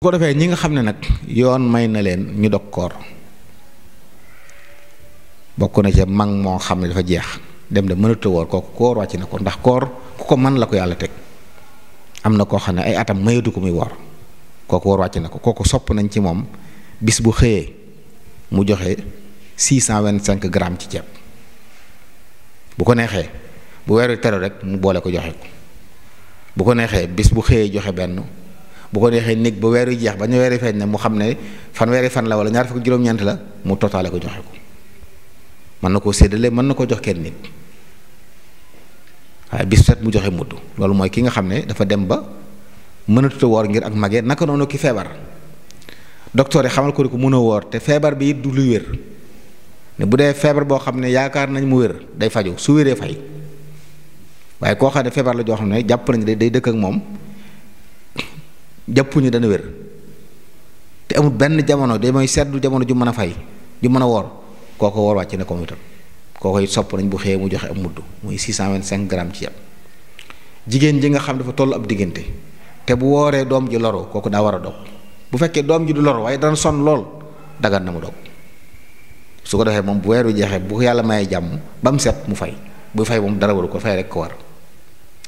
bu ko defee ñi nga xam ne nag yoon may na leen ñu dog koor bokk na ca mag moo xam ne dafa jeex dem de mënatu woor kooku koor wàcc na ko ndax koor ku ko man la ko yàlla teg am na koo xam ne ay atam mayatu ko muy woor kooku woor wàcc na ko kooku sopp nañ ci moom bis bu xëyee mu joxe six cent vingt cinq grammes ci ceeb bu ko neexee bu weeru teru rek mu boole ko joxe ko bu ko neexee bis bu xëyee joxe benn. bu ko neexee néeg ba weer yu jeex ba ñu weeri feeñ ne mu xam ne fan weeri fan la wala ñaar fukk juróom-ñeent la mu totaale ko joxe ko mën na koo séddale mën na koo jox kenn nit waaye bis set mu joxe mudd loolu mooy ki nga xam ne dafa dem ba mënatuta woor ngir ak mage naka noonu ki feebar docteur yi xamal ko ni ko mën a woor te feebar bi it du luy wér ne bu dee feebar boo xam ne yaakaar nañ mu wér day faju su wéree fay waaye koo xam ne feebar la joo xam ne jàpp nañ day dëkk ak moom jàppuñu dana wér te amul benn jamono de mooy seddu jamono ju mën a fay ju mën a woor kooku woor wàcc ne ko mu itam sopp nañ bu xëyee mu joxe am mudd muy 625 grammes ci yàpp jigéen ji nga xam dafa toll ab diggante te bu wooree doom ji loru kooku daa war a dog bu fekkee doom ji du loro waaye dana sonn lool dagan na mu dog su ko defee moom bu weer wi jeexee bu yàlla mayee jàmm ba mu set mu fay bu fay moom dara waru ko fay rek ko war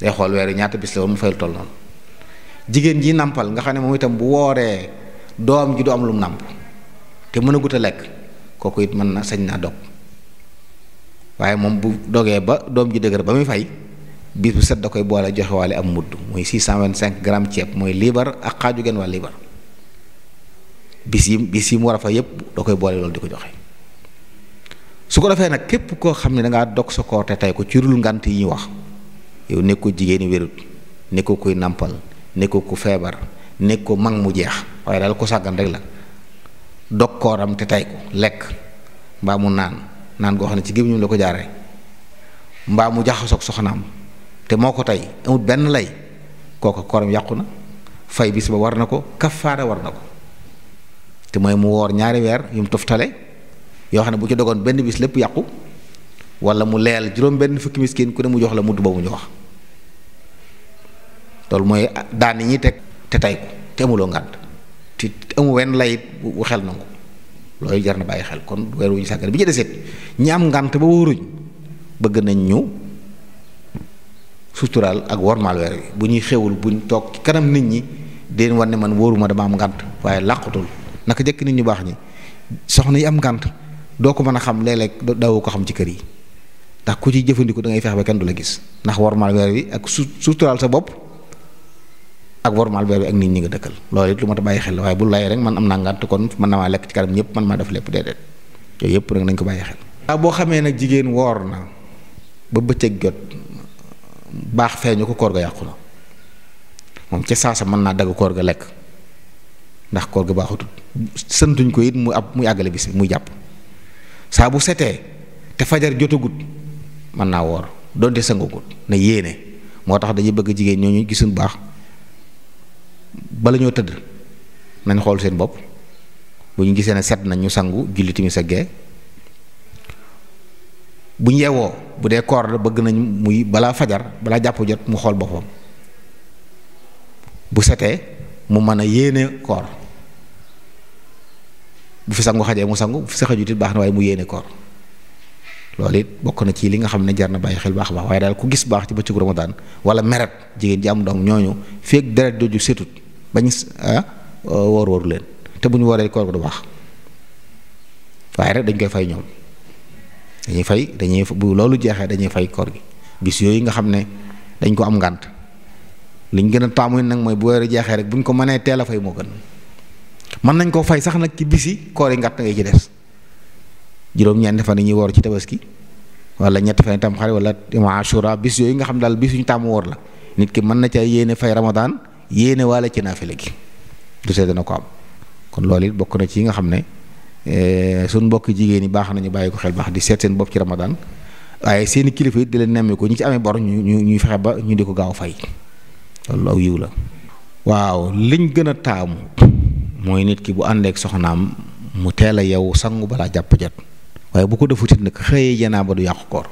day xool weer ñaata bis la mu fayal toll noonu jigéen ji nampal nga xam ne moom itam bu wooree doom ji du am lu nàmp te mën a gut a lekk kooku it mën na sañ naa dog waaye moom bu dogee ba doom ji dëgër ba muy fay bis bu set da koy boole waale am mudd mooy 625 grammes ceeb mooy liibar ak xaaju genn wàll liibar bis yi bis yi mu war a fa yépp da koy boole loolu di ko joxe su ko defee nag képp koo xam ne dangaa dog sa koor te tey ko ci dul ngant yi ñuy wax yow nekkoo jigéeni wérut nekkoo koy nàmpal nekku ku feebar nekk ko mag mu jeex waaye daal ko sàggan rek la dog kooram te tay ko lekk mbaa mu naan naan koo xam ne ci gémmiñam la ko jaare mbaa mu jaxasoog soxnaam te moo ko tey amut benn lay kooku kooram yàqu na fay bis ba war na ko kafaara war na ko te mooy mu woor ñaari weer yu mu toftale yoo xam ne bu ci dogoon benn bis lépp yàqu wala mu leel juróom benn fukki miskin ku ne mu jox la mudd boobu ñu wax loolu mooy daan yi ñuy teg te tey ko te amuloo ngànt te amu wenn layit bu xel nangu loolu jar na bàyyi xel kon weer wu ñu sàggane bi ci deseet ñi am ngànt ba wóoruñ bëgg nañ ñu suturaal ak wormaal weer wi bu ñuy xewul buñ toog kanam nit ñi deen wan ne man wóoruma dama am ngànt waaye làqutul naka jëkk nit ñu baax ñi soxna yi am ngànt doo ko mën a xam lee léeg daawu ko xam ci kër yi ndax ku ci jëfandiku da ngay feex ba kenn du la gis ndax wormaal weer wi ak su suturaal sa bopp ak wormaal boobu ak nit ñi nga dëkkal loolu it lu ma ta bàyyi xel la waaye bu lay rek man am naa ngànt kon mën na maa lekk ci kanam ñëpp man maa def lépp déedéet yooyu yëpp rek nañ ko bàyyi xel. boo xamee nag jigéen woor na ba bëccëg jot baax feeñu ko koor ga yàqu na moom ca sa mën naa dagg koor ga lekk ndax koor ga baaxatul sëntuñ ko it mu ab mu àggale bi si mu jàpp saa bu setee te fajar jotagut mën naa woor donte sangagut na yéene moo tax dañuy bëgg jigéen ñoo ñooñu gisuñ baax. bala ñoo tëdd nañ xool seen bopp bu ñu gisee ne set nañ ñu sangu julli timis ak gee bu ñu yeewoo bu dee koor la bëgg nañ muy balaa fajar balaa jàpp jot mu xool boppam bu setee mu man a yéene koor bu fi sangu xajee mu sangu bu fi sa xajut baax na waaye mu yéene koor loolu it bokk na ci li nga xam ne jar na bàyyi xel baax a baax waaye daal ku gis baax ci bëccëgu Ramadan wala meret jigéen ji am doom ñooñu feek deret doju setut bañ ah euh, woor waru leen te bu ñu wooree koor du baax waaye rek dañ koy fay ñoom dañuy fay dañuy bu loolu jeexee dañuy fay koor gi bis yooyu nga xam ne dañ ko am ngànt liñ gën a taamu nag mooy bu weeru jeexee rek bu ko mënee teel a fay moo mën nañ koo fay sax nag ci bisi koor yi ngàtt ngay ci des juróom-ñeenti fan yi ñuy woor ci tabaski wala ñetti fan itam xare wala ashura bis yooyu nga xam daal bis yu ñu taamu woor la nit ki mën na ca yéene fay Ramadan. yéene waale ci naafile gi du see dana ko am kon loolu it bokk na ci yi nga xam ne eh, suñ mbokki jigéen ñi baax nañu bàyyi ko xel baax di seet seen bopp ci ramadaan waaye seeni kilifa it di leen nemme ñi ci amee bor ñu ñu ñuy fexe ba ñu di ko gaaw fay loolu aw yiw la waaw liñ gën a taamu mooy nit ki bu àndeek soxnaam mu teel a yow sangu balaa jàpp waaye bu ko defutit nag xëyee janaaba du yàqu koor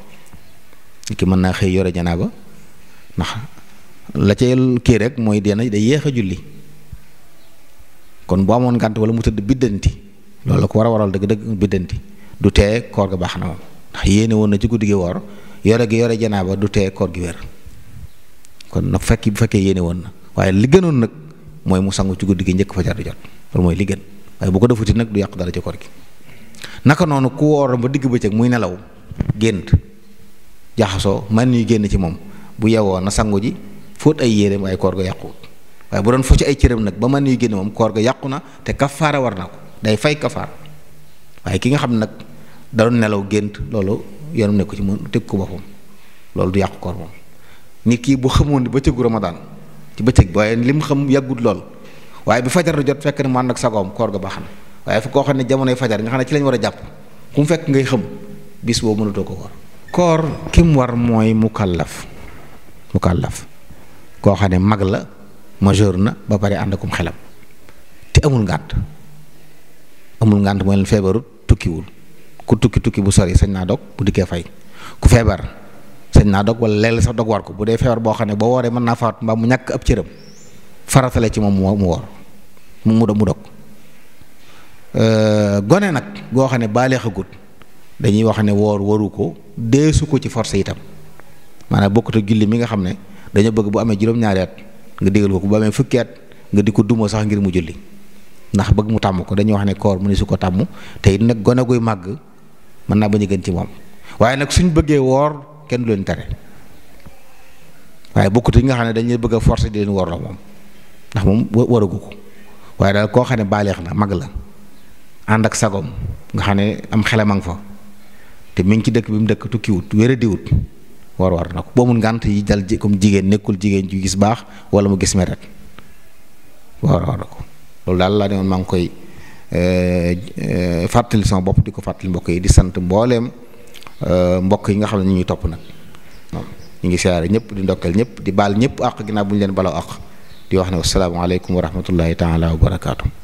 nit ki mën naa xëy yore janaaba ndax la ca kii rek mooy dee na day yéex a julli kon bu amoon ngànt wala mu tëdd biddanti loolu la ko war a waral dëgg-dëgg biddanti du tee koor ga baax na moom ndax yéene woon na ci guddi gi woor yore gi yore janaaba du tee koor gi wér kon na fekki bu fekkee yéene woon na waaye li gënoon nag mooy mu sangu ci guddi gi njëkk fajar di jot loolu mooy li gën waaye bu ko defuti nag du yàq dara ci koor gi naka noonu ku woor ba digg bëccëg muy nelaw gént jaxasoo man ñuy génn ci moom bu yewoo na sangu ji fóot ay yéreem ay koor ga yàquwut waaye bu doon fo ci ay cëram nag ba man yu génn moom koor ga yàqu na te kafaara war na ko day fay kafaara waaye ki nga xam nag da doon nelaw gént loolu yoonam nekku ci moom teg ko boppam loolu du yàqu koor moom nit kii bu xamoon ni bëccëgu ramadaan ci bëccëg bi waaye li mu xam yàggut lool waaye bi fajar jot fekk ne mu ànd ak sagoom koor ga baax na waaye fu koo xam ne jamonoy fajar nga xam ne ci lañ war a jàpp ku mu fekk ngay xam bis boobu mënatoo ko war koor ki mu war mooy mukallaf mukallaf koo xam ne mag la majeur na ba pare ànd akum xelam te amul ngànt amul ngànt mooy leen feebarut tukkiwul ku tukki tukki bu sori sañ naa dog bu dikkee fay ku feebar sañ naa dog wala léeg sax dog war ko bu dee feebar boo xam ne boo wooree mën naa faat mbaa mu ñàkk ab cëram faratale ci moom mu woor mu mu mu dog euh, gone nag goo xam ne baaleexagut dañuy wax ne woor waru ko deesu ko ci force itam maanaam bokkut ak julli mi nga xam ne dañoo bëgg bu amee juróom-ñaari nga digal ko bu amee fukki nga di ko duma sax ngir mu julli ndax bëgg mu tàmm ko dañuy wax ne koor mu ne su ko tàmm tey it nag gone guy màgg mën naa bañ a gën ci moom waaye nag suñ bëggee woor kenn du leen waaye bokkut yi nga xam ne dañuy bëgg a forcer di leen woor la moom ndax moom waragu ko waaye daal koo xam ne baaleex na mag la ànd ak sagom nga xam ne am xelamang fa te mi ngi ci dëkk bi mu dëkk tukkiwut wéra diwut war war na ko boo mun ngànt yi dal comme jigéen nekkul jigéen ju gis baax wala mu gis meret war war na ko loolu daal laa ne woon maa ngi koy eh, eh, fàttali sama bopp di ko fàttali mbokk yi di sant mbooleem eh, mbokk yi nga xam ne ñu ngi topp nag ñu ngi siyaare ñëpp di ndokkeel ñëpp di baal ñëpp àq ginnaaw bu ñu leen baloo àq di wax ne wasalaamaaleykum wa rahmatullahi taala wa barakaatu